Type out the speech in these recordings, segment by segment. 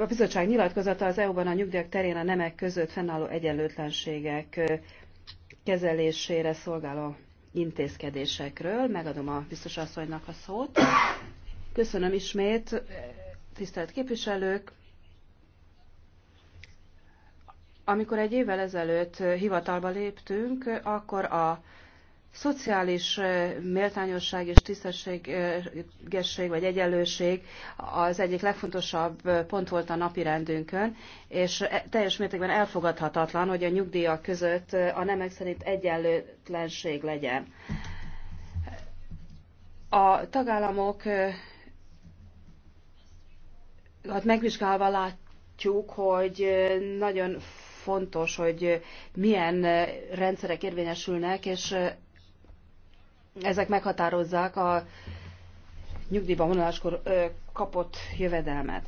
a bizottság nyilatkozata az EU-ban a nyugdíjak terén a nemek között fennálló egyenlőtlenségek kezelésére szolgáló intézkedésekről. Megadom a biztos asszonynak a szót. Köszönöm ismét, tisztelt képviselők! Amikor egy évvel ezelőtt hivatalba léptünk, akkor a szociális méltányosság és tisztességesség vagy egyenlőség az egyik legfontosabb pont volt a napi rendünkön, és e, teljes mértékben elfogadhatatlan, hogy a nyugdíjak között a nemek szerint egyenlőtlenség legyen. A tagállamok hát megvizsgálva látjuk, hogy nagyon fontos, hogy milyen rendszerek érvényesülnek, és ezek meghatározzák a nyugdíjba vonuláskor kapott jövedelmet.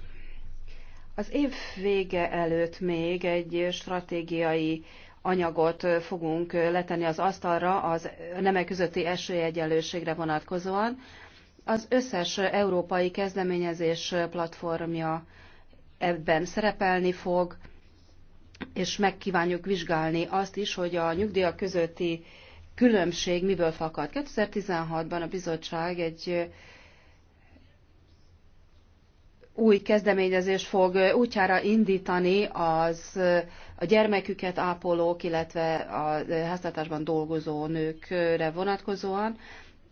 Az év vége előtt még egy stratégiai anyagot fogunk letenni az asztalra az nemek közötti esélyegyenlőségre vonatkozóan. Az összes európai kezdeményezés platformja ebben szerepelni fog, és megkívánjuk vizsgálni azt is, hogy a nyugdíjak közötti különbség miből fakad. 2016-ban a bizottság egy új kezdeményezést fog útjára indítani az a gyermeküket ápolók, illetve a háztartásban dolgozó nőkre vonatkozóan.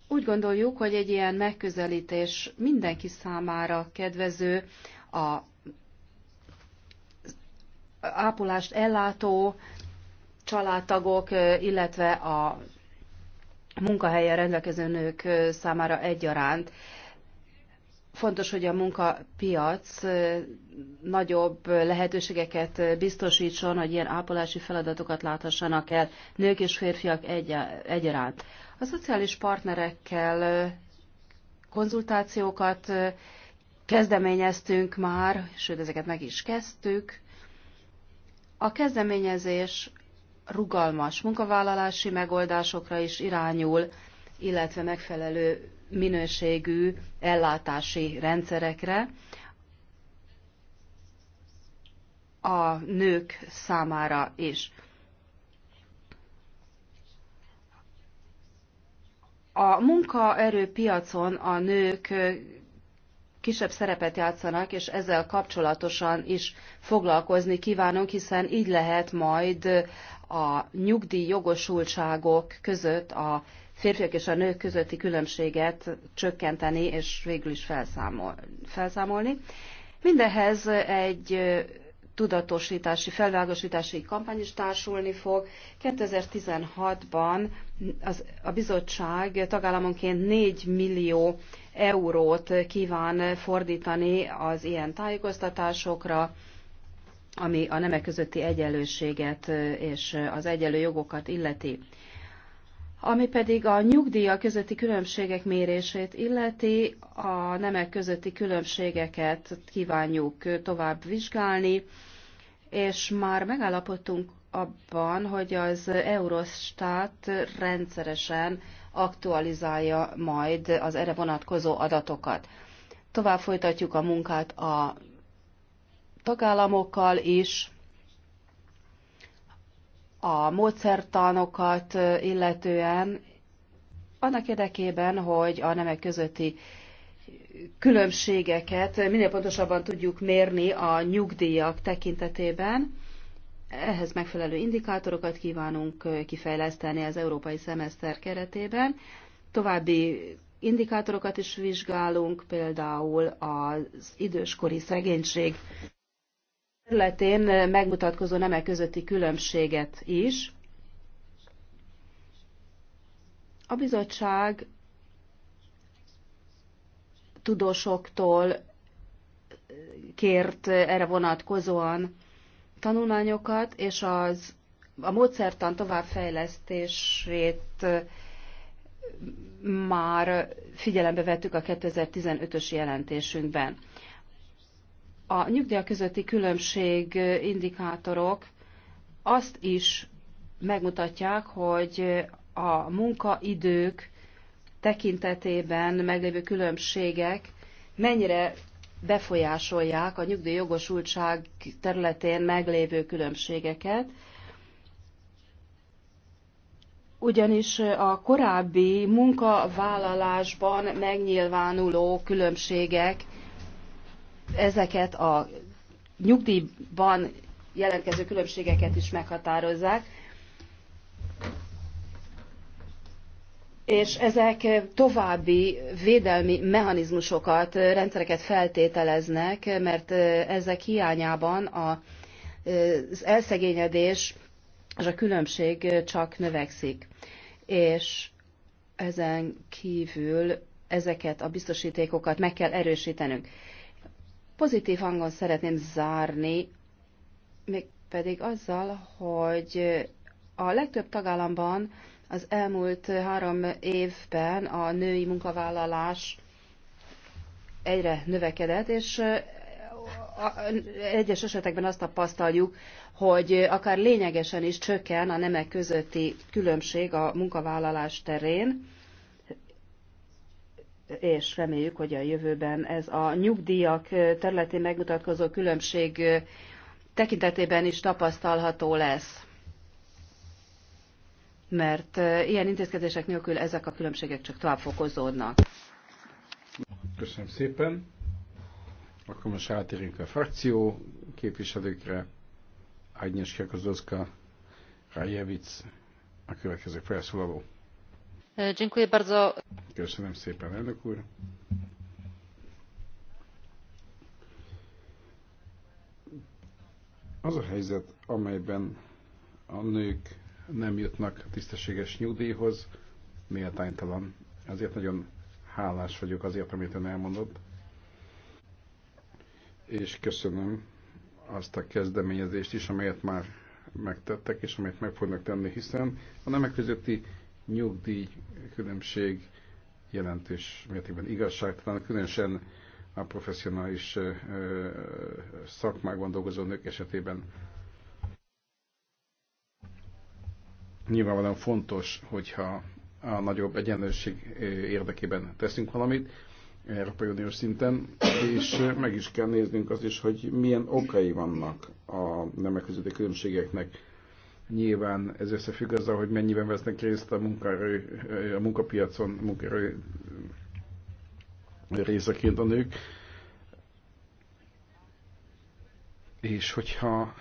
Úgy gondoljuk, hogy egy ilyen megközelítés mindenki számára kedvező, a ápolást ellátó családtagok, illetve a munkahelyen rendelkező nők számára egyaránt. Fontos, hogy a munkapiac nagyobb lehetőségeket biztosítson, hogy ilyen ápolási feladatokat láthassanak el nők és férfiak egyaránt. A szociális partnerekkel konzultációkat kezdeményeztünk már, sőt, ezeket meg is kezdtük. A kezdeményezés rugalmas munkavállalási megoldásokra is irányul, illetve megfelelő minőségű ellátási rendszerekre a nők számára is. A munkaerőpiacon a nők kisebb szerepet játszanak, és ezzel kapcsolatosan is foglalkozni kívánunk, hiszen így lehet majd a nyugdíj jogosultságok között a férfiak és a nők közötti különbséget csökkenteni és végül is felszámol, felszámolni. Mindehez egy tudatosítási, felvágosítási kampány is társulni fog. 2016-ban az, a bizottság tagállamonként 4 millió eurót kíván fordítani az ilyen tájékoztatásokra, ami a nemek közötti egyenlőséget és az egyenlő jogokat illeti. Ami pedig a nyugdíja közötti különbségek mérését illeti, a nemek közötti különbségeket kívánjuk tovább vizsgálni, és már megállapodtunk abban, hogy az Eurostat rendszeresen aktualizálja majd az erre vonatkozó adatokat. Tovább folytatjuk a munkát a tagállamokkal is, a módszertanokat illetően, annak érdekében, hogy a nemek közötti különbségeket minél pontosabban tudjuk mérni a nyugdíjak tekintetében. Ehhez megfelelő indikátorokat kívánunk kifejleszteni az európai szemeszter keretében. További indikátorokat is vizsgálunk, például az időskori szegénység területén megmutatkozó nemek közötti különbséget is. A bizottság tudósoktól kért erre vonatkozóan tanulmányokat, és az a módszertan továbbfejlesztését már figyelembe vettük a 2015-ös jelentésünkben a nyugdíjak közötti különbség indikátorok azt is megmutatják, hogy a munkaidők tekintetében meglévő különbségek mennyire befolyásolják a nyugdíjjogosultság területén meglévő különbségeket, ugyanis a korábbi munkavállalásban megnyilvánuló különbségek ezeket a nyugdíjban jelentkező különbségeket is meghatározzák. És ezek további védelmi mechanizmusokat, rendszereket feltételeznek, mert ezek hiányában az elszegényedés és a különbség csak növekszik. És ezen kívül ezeket a biztosítékokat meg kell erősítenünk. Pozitív hangon szeretném zárni, mégpedig azzal, hogy a legtöbb tagállamban az elmúlt három évben a női munkavállalás egyre növekedett, és egyes esetekben azt tapasztaljuk, hogy akár lényegesen is csökken a nemek közötti különbség a munkavállalás terén és reméljük, hogy a jövőben ez a nyugdíjak területén megmutatkozó különbség tekintetében is tapasztalható lesz. Mert ilyen intézkedések nélkül ezek a különbségek csak tovább fokozódnak. Köszönöm szépen. Akkor most átérünk a frakció képviselőkre. Agnieszka Kozlowska, Rajevic, a következő felszólaló. E, köszönöm szépen, elnök úr. Az a helyzet, amelyben a nők nem jutnak tisztességes nyugdíjhoz, méltánytalan. Azért nagyon hálás vagyok azért, amit ön elmondott. És köszönöm azt a kezdeményezést is, amelyet már megtettek, és amelyet meg fognak tenni, hiszen a nemek közötti nyugdíj különbség jelentős mértékben igazságtalan, különösen a professzionális szakmákban dolgozó nők esetében. Nyilvánvalóan fontos, hogyha a nagyobb egyenlőség érdekében teszünk valamit, Európai Uniós szinten, és meg is kell néznünk azt is, hogy milyen okai vannak a nemek közötti különbségeknek Nyilván ez összefügg azzal, hogy mennyiben vesznek részt a, munkaerő, a munkapiacon, munkaerő részeként a nők. És hogyha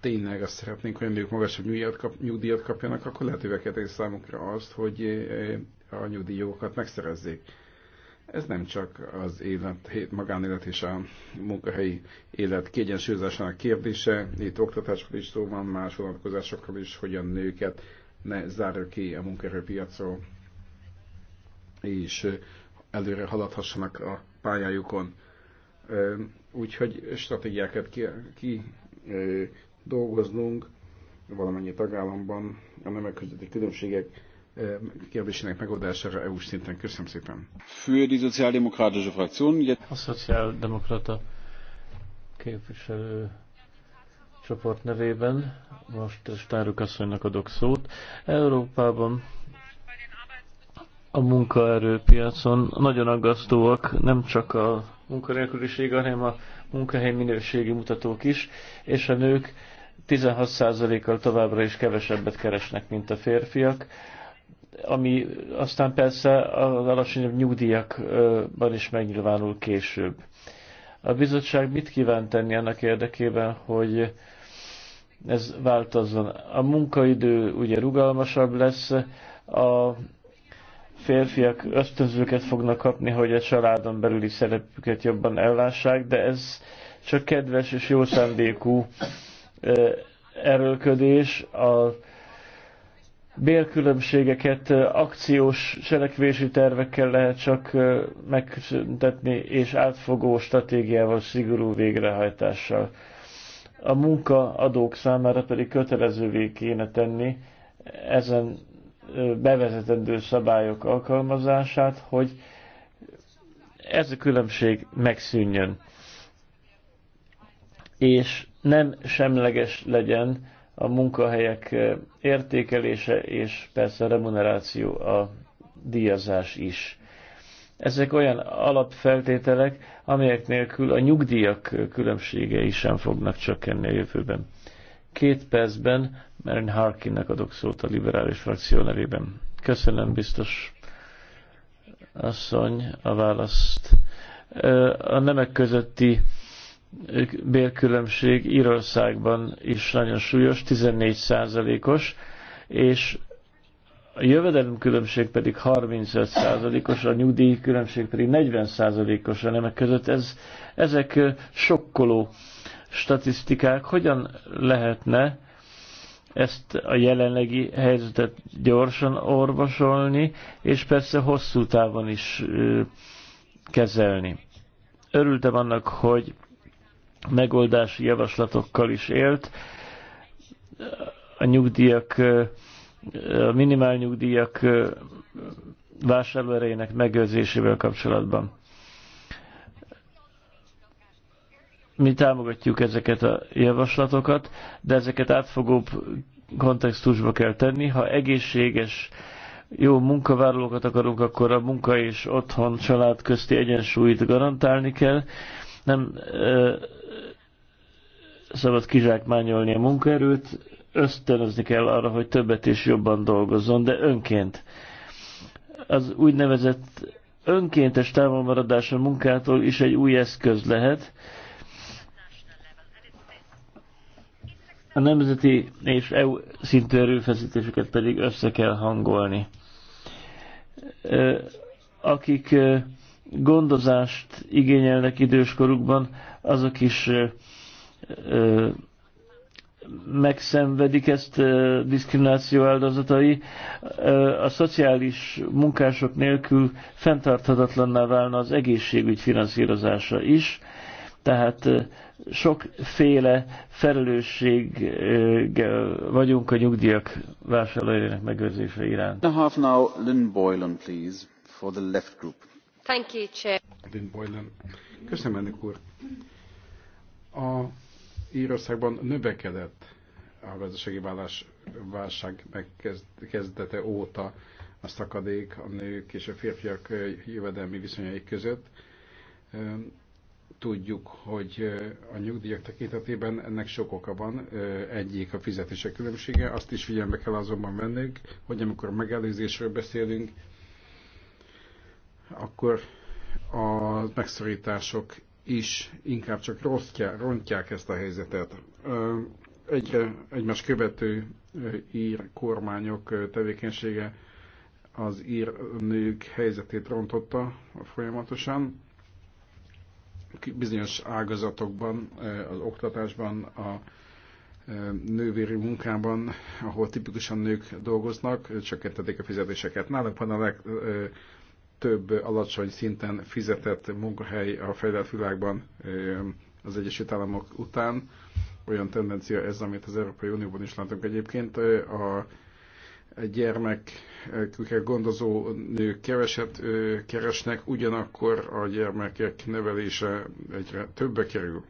tényleg azt szeretnénk, hogy a nők magasabb nyugdíjat, kap, nyugdíjat kapjanak, akkor lehetővé kell számukra azt, hogy eh, a nyugdíjjogokat megszerezzék. Ez nem csak az élet, hét magánélet és a munkahelyi élet kiegyensúlyozásának kérdése, itt oktatásról is szó van, más vonatkozásokról is, hogy a nőket ne zárja ki a munkaerőpiacról, és előre haladhassanak a pályájukon. Úgyhogy stratégiákat ki, ki dolgoznunk valamennyi tagállamban a nemek közötti különbségek kérdésének megoldására EU-s szinten. Köszönöm szépen. Für die sozialdemokratische Fraktion. A szociáldemokrata képviselő csoport nevében most Stáruk asszonynak adok szót. Európában a munkaerőpiacon nagyon aggasztóak nem csak a munkanélküliség, hanem a munkahely minőségi mutatók is, és a nők 16%-kal továbbra is kevesebbet keresnek, mint a férfiak ami aztán persze az alacsonyabb nyugdíjakban is megnyilvánul később. A bizottság mit kíván tenni annak érdekében, hogy ez változzon? A munkaidő ugye rugalmasabb lesz, a férfiak ösztönzőket fognak kapni, hogy a családon belüli szerepüket jobban ellássák, de ez csak kedves és jó szándékú erőlködés, a bérkülönbségeket akciós cselekvési tervekkel lehet csak megszüntetni, és átfogó stratégiával, szigorú végrehajtással. A munkaadók számára pedig kötelezővé kéne tenni ezen bevezetendő szabályok alkalmazását, hogy ez a különbség megszűnjön, és nem semleges legyen a munkahelyek eh, értékelése és persze a remuneráció, a díjazás is. Ezek olyan alapfeltételek, amelyek nélkül a nyugdíjak különbségei sem fognak csökkenni a jövőben. Két percben Maren Harkinnek adok szót a liberális frakció nevében. Köszönöm biztos asszony a választ. A nemek közötti bérkülönbség Írországban is nagyon súlyos, 14 százalékos, és a jövedelemkülönbség pedig 35%-os, a nyugdíjkülönbség pedig 40%-os a nemek között. Ez, ezek sokkoló statisztikák. Hogyan lehetne ezt a jelenlegi helyzetet gyorsan orvosolni, és persze hosszú távon is kezelni? Örültem annak, hogy megoldási javaslatokkal is élt. A nyugdíjak, a minimálnyugdíjak vásárlóerejének megőrzésével kapcsolatban. Mi támogatjuk ezeket a javaslatokat, de ezeket átfogóbb kontextusba kell tenni. Ha egészséges, jó munkavállalókat akarunk, akkor a munka és otthon család közti egyensúlyt garantálni kell. Nem szabad kizsákmányolni a munkaerőt, ösztönözni kell arra, hogy többet és jobban dolgozzon, de önként. Az úgynevezett önkéntes távolmaradás a munkától is egy új eszköz lehet. A nemzeti és EU szintű erőfeszítéseket pedig össze kell hangolni. Akik gondozást igényelnek időskorukban, azok is megszenvedik ezt diszkrimináció áldozatai, a szociális munkások nélkül fenntarthatatlanná válna az egészségügy finanszírozása is, tehát sokféle felelősség vagyunk a nyugdíjak vásárlóinak megőrzése iránt. And a half now, Lynn Boylan, please, for the left group. Thank you, Chair. Lynn Boylan. Köszönöm, elnök úr. A Írországban növekedett a gazdasági válás, válság megkezdete óta a szakadék a nők és a férfiak jövedelmi viszonyai között. Tudjuk, hogy a nyugdíjak tekintetében ennek sok oka van. Egyik a fizetések különbsége, azt is figyelembe kell azonban vennünk, hogy amikor megelőzésről beszélünk, akkor a megszorítások is inkább csak rossztják, rontják ezt a helyzetet. Egyre egymás követő ír kormányok tevékenysége az ír nők helyzetét rontotta folyamatosan. Bizonyos ágazatokban, az oktatásban, a nővéri munkában, ahol tipikusan nők dolgoznak, csökkentették a fizetéseket. Nálunk van a leg, több alacsony szinten fizetett munkahely a fejlett világban eh, az Egyesült Államok után. Olyan tendencia ez, amit az Európai Unióban is látunk egyébként. Eh, a gyermek eh, gondozó nők keveset keresnek, ugyanakkor a gyermekek nevelése egyre többe kerül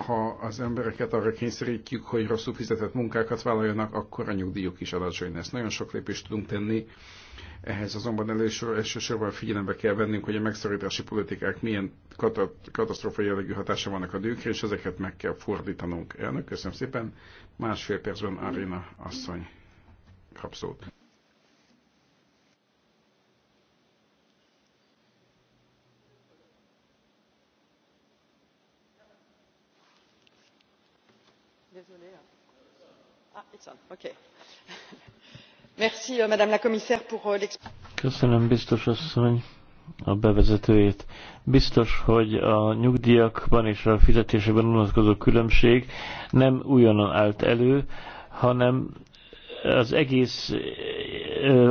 ha az embereket arra kényszerítjük, hogy rosszul fizetett munkákat vállaljanak, akkor a nyugdíjuk is alacsony lesz. Nagyon sok lépést tudunk tenni, ehhez azonban elősor, elsősorban figyelembe kell vennünk, hogy a megszorítási politikák milyen katasztrofa jellegű hatása vannak a nőkre, és ezeket meg kell fordítanunk. Elnök, köszönöm szépen. Másfél percben Arina asszony kapszót. Ah, euh, euh, Köszönöm, biztos asszony, a bevezetőjét. Biztos, hogy a nyugdíjakban és a fizetésekben vonatkozó különbség nem újonnan állt elő, hanem az egész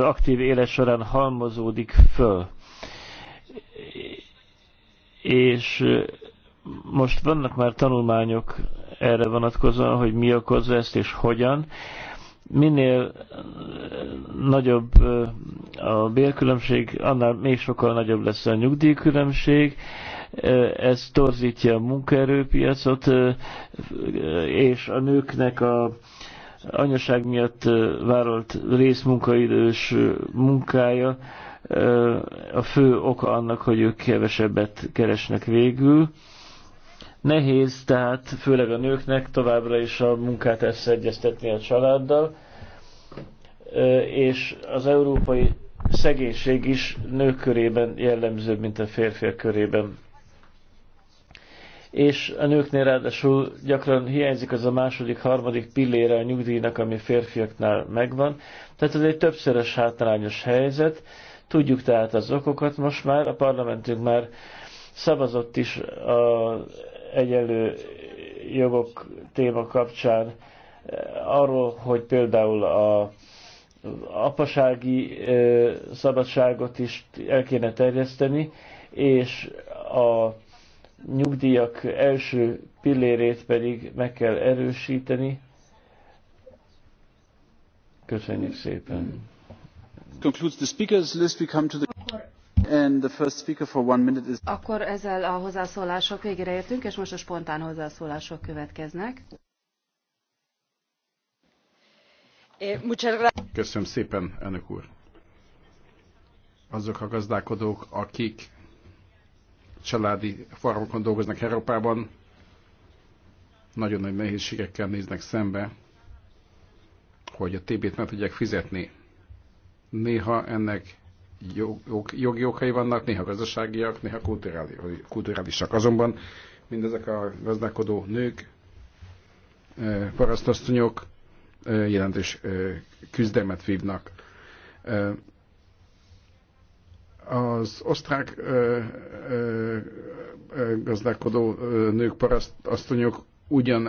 aktív élet során halmozódik föl. És most vannak már tanulmányok erre vonatkozóan, hogy mi okozza ezt és hogyan. Minél nagyobb a bérkülönbség, annál még sokkal nagyobb lesz a nyugdíjkülönbség. Ez torzítja a munkaerőpiacot, és a nőknek a anyaság miatt vállalt részmunkaidős munkája a fő oka annak, hogy ők kevesebbet keresnek végül. Nehéz tehát, főleg a nőknek továbbra is a munkát összeegyeztetni a családdal, és az európai szegénység is nők körében jellemzőbb, mint a férfiak körében. És a nőknél ráadásul gyakran hiányzik az a második, harmadik pillére a nyugdíjnak, ami férfiaknál megvan. Tehát ez egy többszörös hátrányos helyzet. Tudjuk tehát az okokat most már, a parlamentünk már szavazott is az egyenlő jogok téma kapcsán, eh, arról, hogy például a apasági eh, szabadságot is el kéne terjeszteni, és a nyugdíjak első pillérét pedig meg kell erősíteni. Köszönjük szépen! Concludes the speakers list. We come to the akkor ezzel a hozzászólások végére értünk, és most a spontán hozzászólások következnek. Eh, Köszönöm szépen, elnök úr. Azok a gazdálkodók, akik családi farmokon dolgoznak Európában, nagyon nagy nehézségekkel néznek szembe, hogy a TB-t meg tudják fizetni. Néha ennek jog, jogi okai vannak, néha gazdaságiak, néha kulturálisak. Azonban mindezek a gazdálkodó nők, parasztasszonyok jelentős küzdelmet vívnak. Az osztrák gazdálkodó nők, parasztasszonyok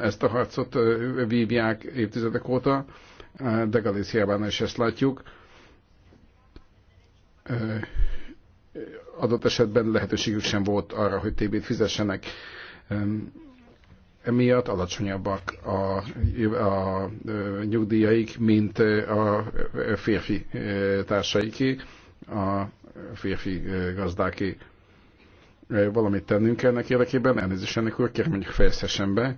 ezt a harcot vívják évtizedek óta, de Galíciában is ezt látjuk adott esetben lehetőségük sem volt arra, hogy TB-t fizessenek. Emiatt alacsonyabbak a, a, nyugdíjaik, mint a férfi társaiké, a férfi gazdáké. Valamit tennünk kell ennek érdekében, elnézést ennek úr, kérem, hogy fejezhessen be.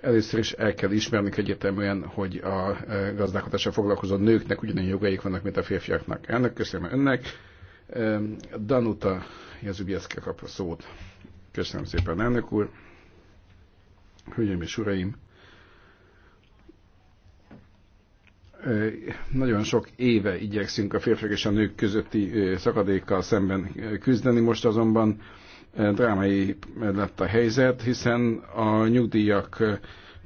Először is el kell ismerni egyértelműen, hogy a e, gazdálkodással foglalkozó nőknek ugyanilyen jogaik vannak, mint a férfiaknak. Elnök, köszönöm önnek. E, Danuta Jezubieszke kap a szót. Köszönöm szépen, elnök úr. Hölgyeim és uraim! E, nagyon sok éve igyekszünk a férfiak és a nők közötti szakadékkal szemben küzdeni, most azonban drámai lett a helyzet, hiszen a nyugdíjak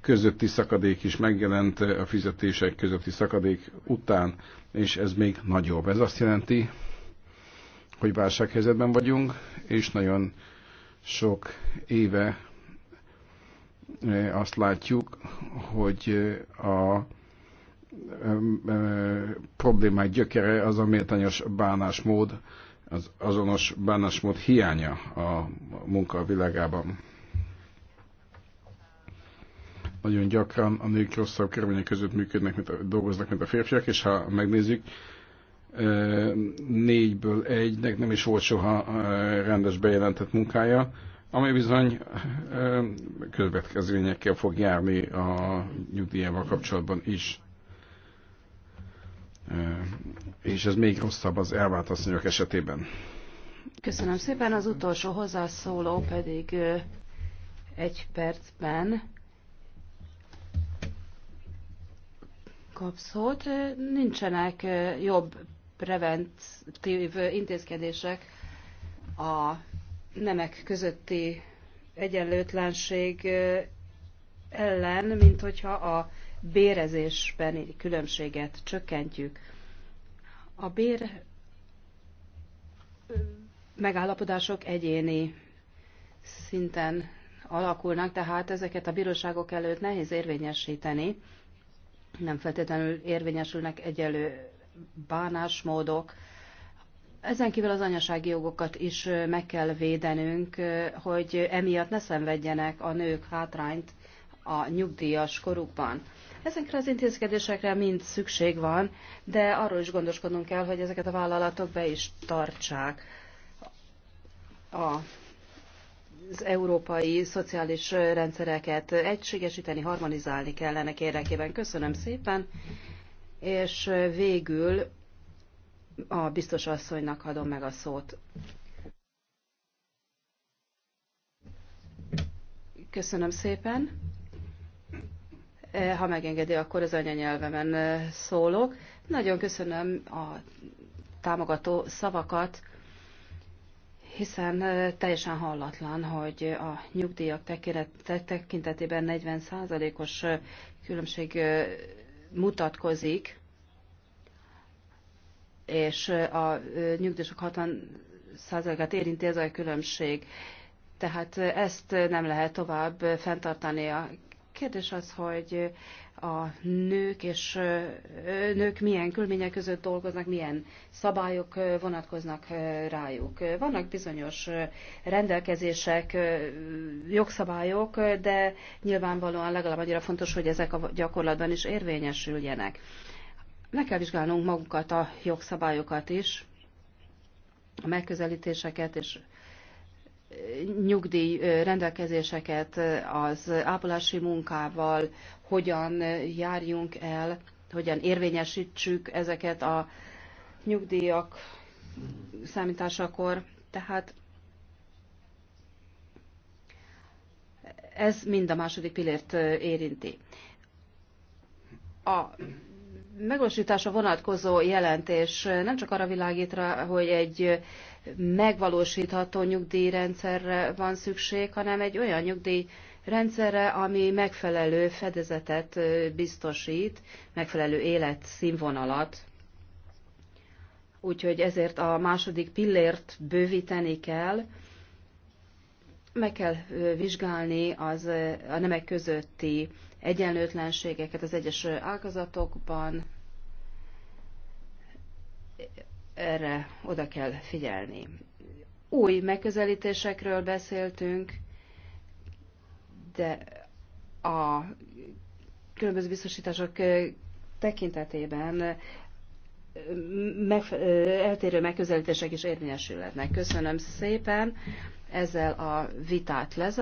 közötti szakadék is megjelent a fizetések közötti szakadék után, és ez még nagyobb. Ez azt jelenti, hogy válsághelyzetben vagyunk, és nagyon sok éve e, azt látjuk, hogy a e, e, problémák gyökere az a méltányos bánásmód, az azonos bánásmód hiánya a munka világában. Nagyon gyakran a nők rosszabb körülmények között működnek, mint a, dolgoznak, mint a férfiak, és ha megnézzük, négyből egynek nem is volt soha rendes bejelentett munkája, ami bizony következményekkel fog járni a nyugdíjával kapcsolatban is és ez még rosszabb az elvált asszonyok esetében. Köszönöm szépen, az utolsó hozzászóló pedig egy percben kap szót. Nincsenek jobb preventív intézkedések a nemek közötti egyenlőtlenség ellen, mint hogyha a bérezésbeni különbséget csökkentjük. A bér megállapodások egyéni szinten alakulnak, tehát ezeket a bíróságok előtt nehéz érvényesíteni. Nem feltétlenül érvényesülnek egyelő bánásmódok. Ezen kívül az anyasági jogokat is meg kell védenünk, hogy emiatt ne szenvedjenek a nők hátrányt a nyugdíjas korukban. Ezekre az intézkedésekre mind szükség van, de arról is gondoskodnunk kell, hogy ezeket a vállalatok be is tartsák a az európai szociális rendszereket egységesíteni, harmonizálni kellene érdekében. Köszönöm szépen, és végül a biztos asszonynak adom meg a szót. Köszönöm szépen. Eh, ha megengedi, akkor az anyanyelvemen eh, szólok. Nagyon köszönöm a támogató szavakat, hiszen eh, teljesen hallatlan, hogy a nyugdíjak tekintetében 40%-os különbség mutatkozik, és a nyugdíjasok 60%-át érinti ez a különbség. Tehát ezt nem lehet tovább fenntartani a kérdés az, hogy a nők és nők milyen körülmények között dolgoznak, milyen szabályok vonatkoznak rájuk. Vannak bizonyos rendelkezések, jogszabályok, de nyilvánvalóan legalább annyira fontos, hogy ezek a gyakorlatban is érvényesüljenek. Meg kell vizsgálnunk magukat a jogszabályokat is, a megközelítéseket és nyugdíj rendelkezéseket az ápolási munkával, hogyan járjunk el, hogyan érvényesítsük ezeket a nyugdíjak számításakor. Tehát ez mind a második pillért érinti. A megvalósításra vonatkozó jelentés nem csak arra világít rá, hogy egy megvalósítható nyugdíjrendszerre van szükség, hanem egy olyan nyugdíjrendszerre, ami megfelelő fedezetet biztosít, megfelelő életszínvonalat. Úgyhogy ezért a második pillért bővíteni kell, meg kell vizsgálni az, a nemek közötti egyenlőtlenségeket az egyes ágazatokban, erre oda kell figyelni. Új megközelítésekről beszéltünk, de a különböző biztosítások tekintetében meg, eltérő megközelítések is érvényesülhetnek. Köszönöm szépen, ezzel a vitát lezárom.